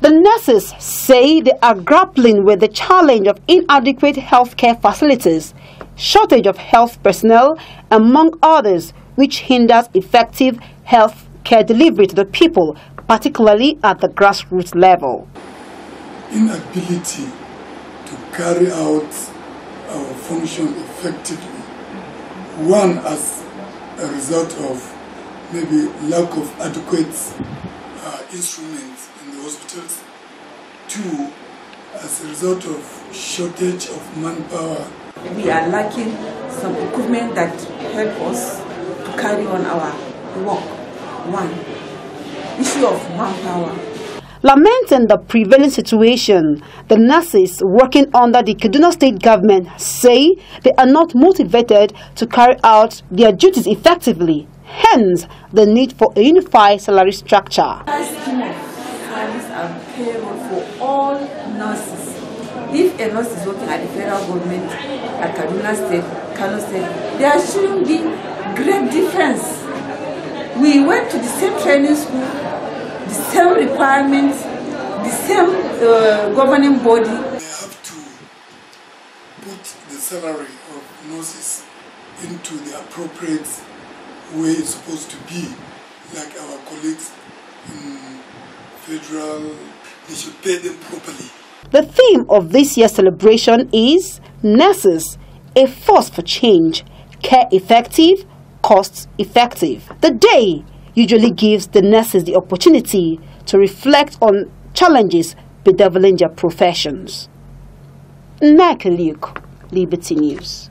The nurses say they are grappling with the challenge of inadequate healthcare facilities, shortage of health personnel, among others, which hinders effective health care delivery to the people, particularly at the grassroots level. Inability to carry out our function effectively, one as a result of maybe lack of adequate uh, instruments in the hospitals. Two, as a result of shortage of manpower. We are lacking some equipment that help us to carry on our work. One, issue of manpower. Lamenting the prevailing situation, the nurses working under the Kaduna state government say they are not motivated to carry out their duties effectively hence the need for a unified salary structure. If a nurse is working at the federal government, at Kaduna State, Kano State, there shouldn't be great difference. We went to the same training school, the same requirements, the same uh, governing body. We have to put the salary of nurses into the appropriate way it's supposed to be, like our colleagues in federal, they should pay them properly. The theme of this year's celebration is Nurses, a force for change, care effective, cost effective. The day usually gives the nurses the opportunity to reflect on challenges bedeviling their professions. Naka Luke, Liberty News.